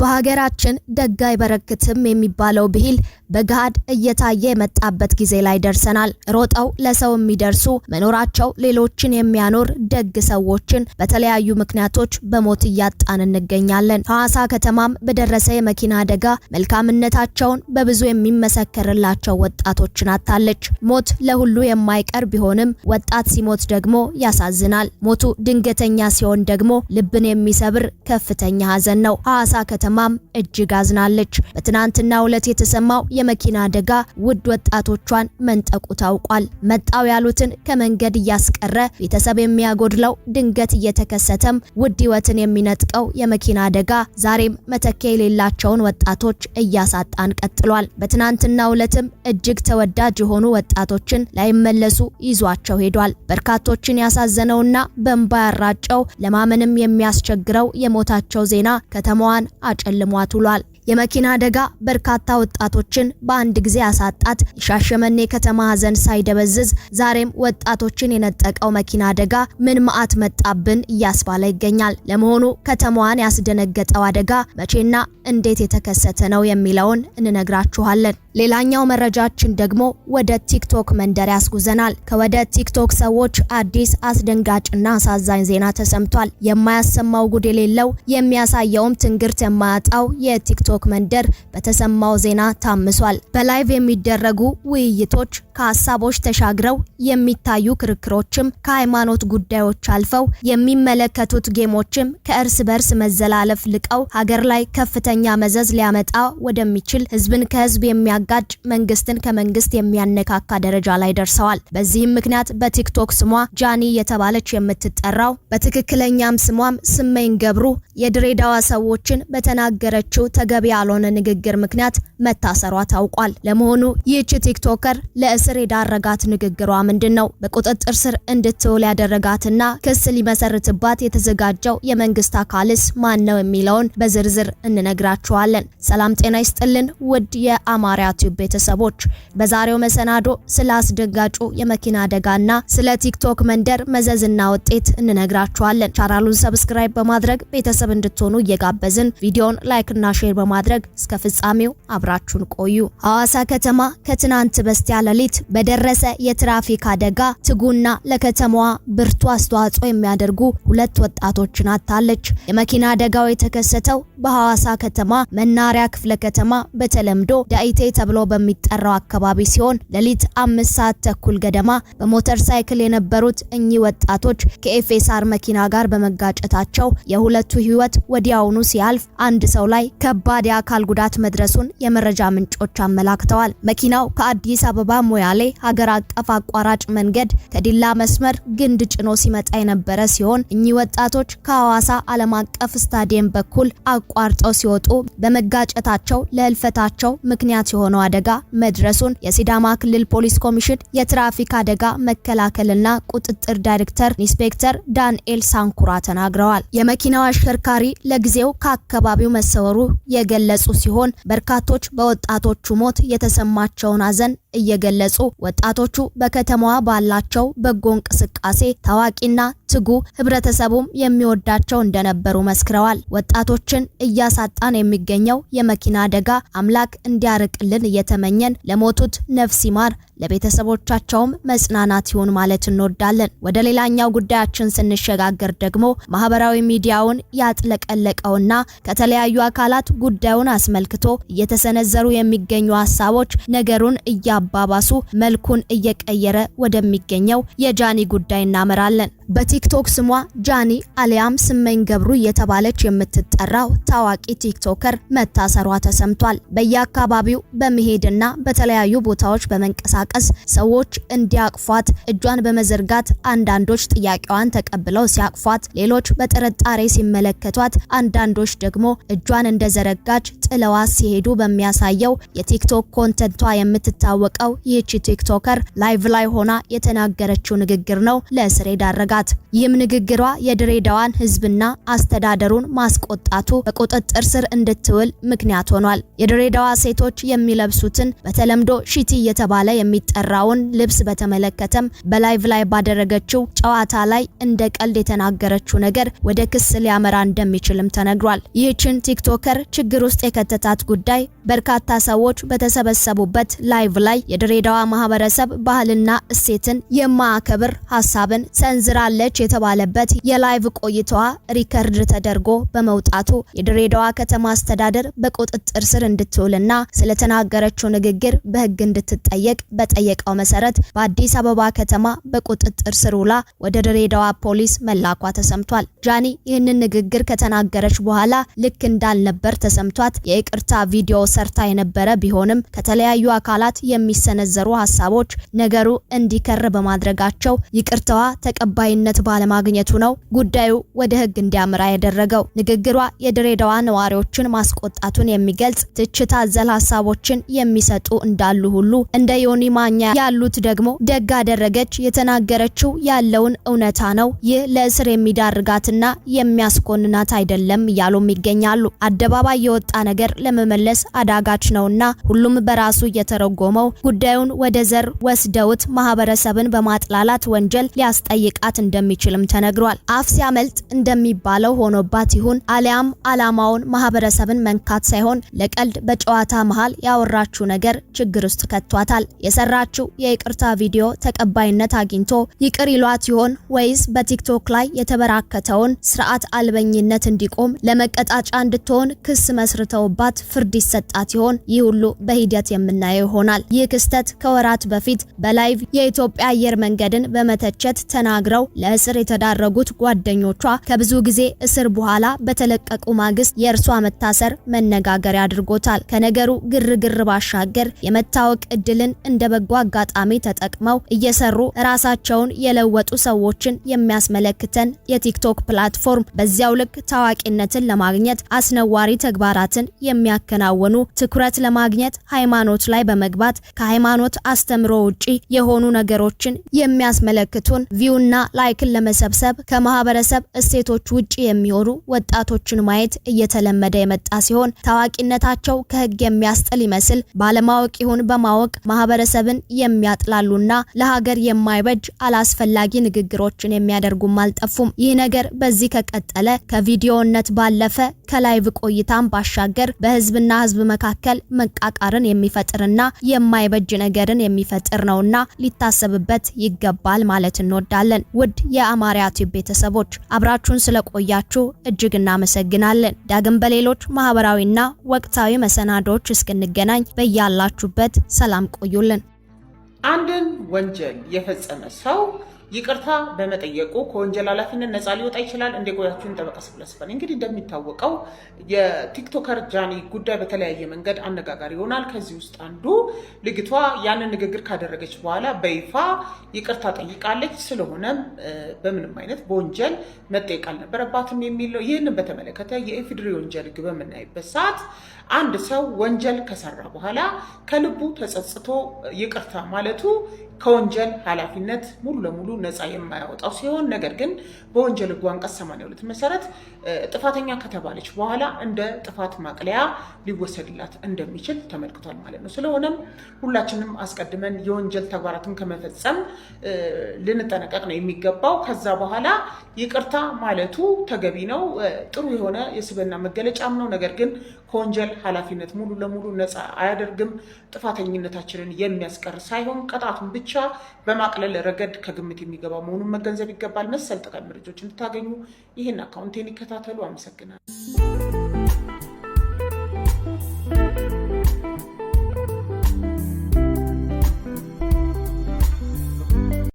በሀገራችን ደግ አይበረክትም የሚባለው ብሂል በገሃድ እየታየ የመጣበት ጊዜ ላይ ደርሰናል። ሮጠው ለሰው የሚደርሱ መኖራቸው ሌሎችን የሚያኖር ደግ ሰዎችን በተለያዩ ምክንያቶች በሞት እያጣን እንገኛለን። ሐዋሳ ከተማም በደረሰ የመኪና አደጋ መልካምነታቸውን በብዙ የሚመሰከርላቸው ወጣቶችን አታለች። ሞት ለሁሉ የማይቀር ቢሆንም ወጣት ሲሞት ደግሞ ያሳዝናል። ሞቱ ድንገተኛ ሲሆን ደግሞ ልብን የሚሰብር ከፍተኛ ሐዘን ነው። ሐዋሳ ከተማም እጅግ አዝናለች። በትናንትናው ዕለት የተሰማው የመኪና አደጋ ውድ ወጣቶቿን መንጠቁ ታውቋል። መጣው ያሉትን ከመንገድ እያስቀረ ቤተሰብ የሚያጎድለው ድንገት እየተከሰተም ውድ ህይወትን የሚነጥቀው የመኪና አደጋ ዛሬም መተኪያ የሌላቸውን ወጣቶች እያሳጣን ቀጥሏል። በትናንትናው ዕለትም እጅግ ተወዳጅ የሆኑ ወጣቶችን ላይመለሱ ይዟቸው ሄዷል። በርካቶችን ያሳዘነውና በእንባ ያራጨው ለማመንም የሚያስቸግረው የሞታቸው ዜና ከተማዋን አጨልሟት ውሏል። የመኪና አደጋ በርካታ ወጣቶችን በአንድ ጊዜ አሳጣት። የሻሸመኔ ከተማ ሀዘን ሳይደበዝዝ ዛሬም ወጣቶችን የነጠቀው መኪና አደጋ ምን መዓት መጣብን እያስባለ ይገኛል። ለመሆኑ ከተማዋን ያስደነገጠው አደጋ መቼና እንዴት የተከሰተ ነው የሚለውን እንነግራችኋለን። ሌላኛው መረጃችን ደግሞ ወደ ቲክቶክ መንደር ያስጉዘናል። ከወደ ቲክቶክ ሰዎች አዲስ አስደንጋጭና አሳዛኝ ዜና ተሰምቷል። የማያሰማው ጉድ የሌለው የሚያሳየውም ትንግርት የማያጣው የቲክቶክ ቲክቶክ መንደር በተሰማው ዜና ታምሷል። በላይቭ የሚደረጉ ውይይቶች ከሀሳቦች ተሻግረው የሚታዩ ክርክሮችም ከሃይማኖት ጉዳዮች አልፈው የሚመለከቱት ጌሞችም ከእርስ በርስ መዘላለፍ ልቀው ሀገር ላይ ከፍተኛ መዘዝ ሊያመጣ ወደሚችል ህዝብን ከህዝብ የሚያጋጭ መንግስትን ከመንግስት የሚያነካካ ደረጃ ላይ ደርሰዋል። በዚህም ምክንያት በቲክቶክ ስሟ ጃኒ የተባለች የምትጠራው በትክክለኛም ስሟም ስመኝ ገብሩ የድሬዳዋ ሰዎችን በተናገረችው ተገቢ ያልሆነ ንግግር ምክንያት መታሰሯ ታውቋል። ለመሆኑ ይህች ቲክቶከር ለእስር የዳረጋት ንግግሯ ምንድን ነው? በቁጥጥር ስር እንድትውል ያደረጋትና ክስ ሊመሰርትባት የተዘጋጀው የመንግስት አካልስ ማን ነው የሚለውን በዝርዝር እንነግራችኋለን። ሰላም ጤና ይስጥልን ውድ የአማርያ ቲዩብ ቤተሰቦች፣ በዛሬው መሰናዶ ስለ አስደንጋጩ የመኪና አደጋና ስለ ቲክቶክ መንደር መዘዝና ውጤት እንነግራችኋለን። ቻናሉን ሰብስክራይብ በማድረግ ቤተሰብ እንድትሆኑ እየጋበዝን ቪዲዮን ላይክና ሼር በማድረግ እስከ ፍጻሜው አብራችሁን ቆዩ። ሐዋሳ ከተማ ከትናንት በስቲያ ሌሊት በደረሰ የትራፊክ አደጋ ትጉና ለከተማዋ ብርቱ አስተዋጽኦ የሚያደርጉ ሁለት ወጣቶችን አታለች። የመኪና አደጋው የተከሰተው በሐዋሳ ከተማ መናሪያ ክፍለ ከተማ በተለምዶ ዳኢቴ ተብሎ በሚጠራው አካባቢ ሲሆን ሌሊት አምስት ሰዓት ተኩል ገደማ በሞተር ሳይክል የነበሩት እኚህ ወጣቶች ከኤፌሳር መኪና ጋር በመጋጨታቸው የሁለቱ ሕይወት ወዲያውኑ ሲያልፍ አንድ ሰው ላይ ከባድ ከባድ አካል ጉዳት መድረሱን የመረጃ ምንጮች አመላክተዋል። መኪናው ከአዲስ አበባ ሞያሌ ሀገር አቀፍ አቋራጭ መንገድ ከዲላ መስመር ግንድ ጭኖ ሲመጣ የነበረ ሲሆን እኚህ ወጣቶች ከሐዋሳ ዓለም አቀፍ ስታዲየም በኩል አቋርጠው ሲወጡ በመጋጨታቸው ለህልፈታቸው ምክንያት የሆነው አደጋ መድረሱን የሲዳማ ክልል ፖሊስ ኮሚሽን የትራፊክ አደጋ መከላከልና ቁጥጥር ዳይሬክተር ኢንስፔክተር ዳንኤል ሳንኩራ ተናግረዋል። የመኪናው አሽከርካሪ ለጊዜው ከአካባቢው መሰወሩ የገለጹ ሲሆን በርካቶች በወጣቶቹ ሞት የተሰማቸውን ሐዘን እየገለጹ ወጣቶቹ በከተማዋ ባላቸው በጎ እንቅስቃሴ ታዋቂና ትጉ ህብረተሰቡም የሚወዳቸው እንደነበሩ መስክረዋል። ወጣቶችን እያሳጣን የሚገኘው የመኪና አደጋ አምላክ እንዲያርቅልን እየተመኘን ለሞቱት ነፍስ ይማር፣ ለቤተሰቦቻቸውም መጽናናት ይሁን ማለት እንወዳለን። ወደ ሌላኛው ጉዳያችን ስንሸጋገር ደግሞ ማህበራዊ ሚዲያውን ያጥለቀለቀውና ከተለያዩ አካላት ጉዳዩን አስመልክቶ እየተሰነዘሩ የሚገኙ ሀሳቦች ነገሩን እያ አባባሱ መልኩን እየቀየረ ወደሚገኘው የጃኒ ጉዳይ እናመራለን። በቲክቶክ ስሟ ጃኒ አሊያም ስመኝ ገብሩ እየተባለች የምትጠራው ታዋቂ ቲክቶከር መታሰሯ ተሰምቷል። በየአካባቢው በመሄድና በተለያዩ ቦታዎች በመንቀሳቀስ ሰዎች እንዲያቅፏት እጇን በመዘርጋት አንዳንዶች ጥያቄዋን ተቀብለው ሲያቅፏት፣ ሌሎች በጥርጣሬ ሲመለከቷት፣ አንዳንዶች ደግሞ እጇን እንደዘረጋች ጥለዋት ሲሄዱ በሚያሳየው የቲክቶክ ኮንተንቷ የምትታወቀው ይህቺ ቲክቶከር ላይቭ ላይ ሆና የተናገረችው ንግግር ነው ለእስር ዳረጋት። ናት። ይህም ንግግሯ የድሬዳዋን ህዝብና አስተዳደሩን ማስቆጣቱ በቁጥጥር ስር እንድትውል ምክንያት ሆኗል። የድሬዳዋ ሴቶች የሚለብሱትን በተለምዶ ሺቲ እየተባለ የሚጠራውን ልብስ በተመለከተም በላይቭ ላይ ባደረገችው ጨዋታ ላይ እንደ ቀልድ የተናገረችው ነገር ወደ ክስ ሊያመራ እንደሚችልም ተነግሯል። ይህችን ቲክቶከር ችግር ውስጥ የከተታት ጉዳይ በርካታ ሰዎች በተሰበሰቡበት ላይቭ ላይ የድሬዳዋ ማህበረሰብ ባህልና እሴትን የማያከብር ሀሳብን ሰንዝራ ትሰራለች የተባለበት የላይቭ ቆይታዋ ሪከርድ ተደርጎ በመውጣቱ የድሬዳዋ ከተማ አስተዳደር በቁጥጥር ስር እንድትውልና ስለተናገረችው ንግግር በሕግ እንድትጠየቅ በጠየቀው መሰረት በአዲስ አበባ ከተማ በቁጥጥር ስር ውላ ወደ ድሬዳዋ ፖሊስ መላኳ ተሰምቷል። ጃኒ ይህንን ንግግር ከተናገረች በኋላ ልክ እንዳልነበር ተሰምቷት የይቅርታ ቪዲዮ ሰርታ የነበረ ቢሆንም ከተለያዩ አካላት የሚሰነዘሩ ሀሳቦች ነገሩ እንዲከር በማድረጋቸው ይቅርታዋ ተቀባይነት ተጠያቂነት ባለማግኘቱ ነው ጉዳዩ ወደ ህግ እንዲያመራ ያደረገው። ንግግሯ የድሬዳዋ ነዋሪዎችን ማስቆጣቱን የሚገልጽ ትችት አዘል ሀሳቦችን የሚሰጡ እንዳሉ ሁሉ እንደ ዮኒ ማኛ ያሉት ደግሞ ደግ አደረገች፣ የተናገረችው ያለውን እውነታ ነው፣ ይህ ለእስር የሚዳርጋትና የሚያስኮንናት አይደለም እያሉም ይገኛሉ። አደባባይ የወጣ ነገር ለመመለስ አዳጋች ነውና ሁሉም በራሱ እየተረጎመው ጉዳዩን ወደ ዘር ወስደውት ማህበረሰብን በማጥላላት ወንጀል ሊያስጠይቃት እንደሚችልም ተነግሯል። አፍ ሲያመልጥ እንደሚባለው ሆኖባት ይሁን አሊያም አላማውን ማህበረሰብን መንካት ሳይሆን ለቀልድ በጨዋታ መሃል ያወራችው ነገር ችግር ውስጥ ከቷታል። የሰራችው የይቅርታ ቪዲዮ ተቀባይነት አግኝቶ ይቅር ይሏት ይሆን ወይስ በቲክቶክ ላይ የተበራከተውን ስርዓት አልበኝነት እንዲቆም ለመቀጣጫ እንድትሆን ክስ መስርተውባት ፍርድ ይሰጣት ይሆን? ይህ ሁሉ በሂደት የምናየው ይሆናል። ይህ ክስተት ከወራት በፊት በላይቭ የኢትዮጵያ አየር መንገድን በመተቸት ተናግረው ለእስር የተዳረጉት ጓደኞቿ ከብዙ ጊዜ እስር በኋላ በተለቀቁ ማግስት የእርሷ መታሰር መነጋገሪያ አድርጎታል። ከነገሩ ግርግር ባሻገር የመታወቅ እድልን እንደ በጎ አጋጣሚ ተጠቅመው እየሰሩ ራሳቸውን የለወጡ ሰዎችን የሚያስመለክተን የቲክቶክ ፕላትፎርም በዚያው ልክ ታዋቂነትን ለማግኘት አስነዋሪ ተግባራትን የሚያከናውኑ ትኩረት ለማግኘት ሃይማኖት ላይ በመግባት ከሃይማኖት አስተምሮ ውጪ የሆኑ ነገሮችን የሚያስመለክቱን ቪውና ላይክን ለመሰብሰብ ከማህበረሰብ እሴቶች ውጪ የሚሆኑ ወጣቶችን ማየት እየተለመደ የመጣ ሲሆን ታዋቂነታቸው ከህግ የሚያስጥል ይመስል ባለማወቅ ይሁን በማወቅ ማህበረሰብን የሚያጥላሉና ለሀገር የማይበጅ አላስፈላጊ ንግግሮችን የሚያደርጉም አልጠፉም። ይህ ነገር በዚህ ከቀጠለ ከቪዲዮነት ባለፈ ከላይቭ ቆይታም ባሻገር በህዝብና ህዝብ መካከል መቃቃርን የሚፈጥርና የማይበጅ ነገርን የሚፈጥር ነውና ሊታሰብበት ይገባል ማለት እንወዳለን። ውድ የአማርያ ቲዩብ ቤተሰቦች አብራችሁን ስለቆያችሁ እጅግ እናመሰግናለን። ዳግም በሌሎች ማህበራዊና ወቅታዊ መሰናዶዎች እስክንገናኝ በያላችሁበት ሰላም ቆዩልን። አንድን ወንጀል የፈጸመ ሰው ይቅርታ በመጠየቁ ከወንጀል ኃላፊነት ነፃ ሊወጣ ይችላል። እንደ ጎያችሁን ጠበቃ ስብለስፈን እንግዲህ እንደሚታወቀው የቲክቶከር ጃኒ ጉዳይ በተለያየ መንገድ አነጋጋሪ ይሆናል። ከዚህ ውስጥ አንዱ ልጅቷ ያንን ንግግር ካደረገች በኋላ በይፋ ይቅርታ ጠይቃለች። ስለሆነም በምንም አይነት በወንጀል መጠየቅ አልነበረባትም የሚለው ይህንን በተመለከተ የኢፌዴሪ ወንጀል ሕግ በምናይበት ሰዓት አንድ ሰው ወንጀል ከሰራ በኋላ ከልቡ ተጸጽቶ ይቅርታ ማለቱ ከወንጀል ኃላፊነት ሙሉ ለሙሉ ነፃ የማያወጣው ሲሆን ነገር ግን በወንጀል ሕጉ አንቀጽ 82 መሰረት ጥፋተኛ ከተባለች በኋላ እንደ ጥፋት ማቅለያ ሊወሰድላት እንደሚችል ተመልክቷል ማለት ነው። ስለሆነም ሁላችንም አስቀድመን የወንጀል ተግባራትን ከመፈጸም ልንጠነቀቅ ነው የሚገባው። ከዛ በኋላ ይቅርታ ማለቱ ተገቢ ነው፣ ጥሩ የሆነ የስብዕና መገለጫም ነው። ነገር ግን ከወንጀል ኃላፊነት ሙሉ ለሙሉ ነፃ አያደርግም። ጥፋተኝነታችንን የሚያስቀር ሳይሆን ቅጣቱን ብቻ በማቅለል ረገድ ከግምት የሚገባ መሆኑን መገንዘብ ይገባል። መሰል ጠቃሚ መረጃዎች እንድታገኙ ይህን አካውንቴን ይከታተሉ። አመሰግናል።